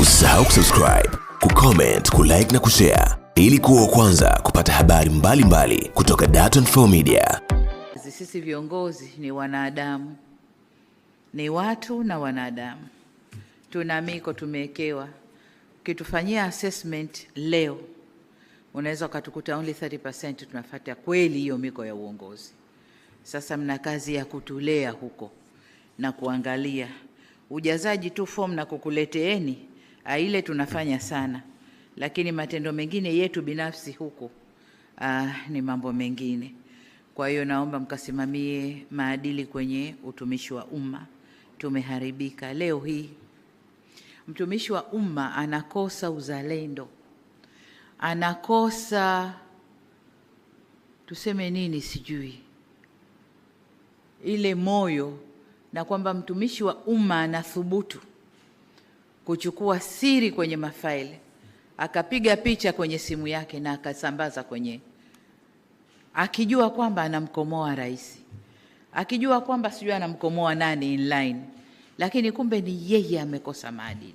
Usisahau kusubscribe, kucomment, kulike na kushare ili kuwa kwanza kupata habari mbalimbali mbali kutoka Dar24 Media. Sisi viongozi ni wanadamu, ni watu na wanadamu, tuna miko tumewekewa. Ukitufanyia assessment leo, unaweza ukatukuta only 30% tunafuata kweli hiyo miko ya uongozi. Sasa mna kazi ya kutulea huko na kuangalia ujazaji tu form na kukuleteeni A, ah, ile tunafanya sana, lakini matendo mengine yetu binafsi huku ah, ni mambo mengine. Kwa hiyo naomba mkasimamie maadili kwenye utumishi wa umma. Tumeharibika leo hii, mtumishi wa umma anakosa uzalendo, anakosa tuseme nini, sijui ile moyo, na kwamba mtumishi wa umma anathubutu kuchukua siri kwenye mafaili, akapiga picha kwenye simu yake na akasambaza kwenye, akijua kwamba anamkomoa rais, akijua kwamba sijui anamkomoa nani inline, lakini kumbe ni yeye amekosa maadili,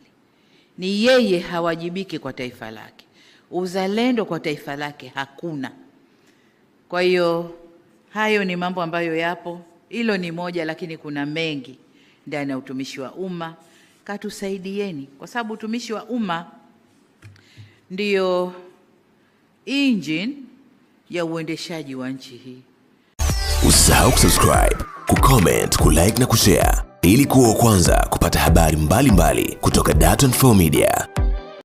ni yeye hawajibiki kwa taifa lake, uzalendo kwa taifa lake hakuna. Kwa hiyo hayo ni mambo ambayo yapo, hilo ni moja, lakini kuna mengi ndani ya utumishi wa umma katusaidieni, kwa sababu utumishi wa umma ndiyo engine ya uendeshaji wa nchi hii. Usisahau kusubscribe, kucomment, kulike na kushare ili kuwa wa kwanza kupata habari mbalimbali mbali kutoka Dar24 Media.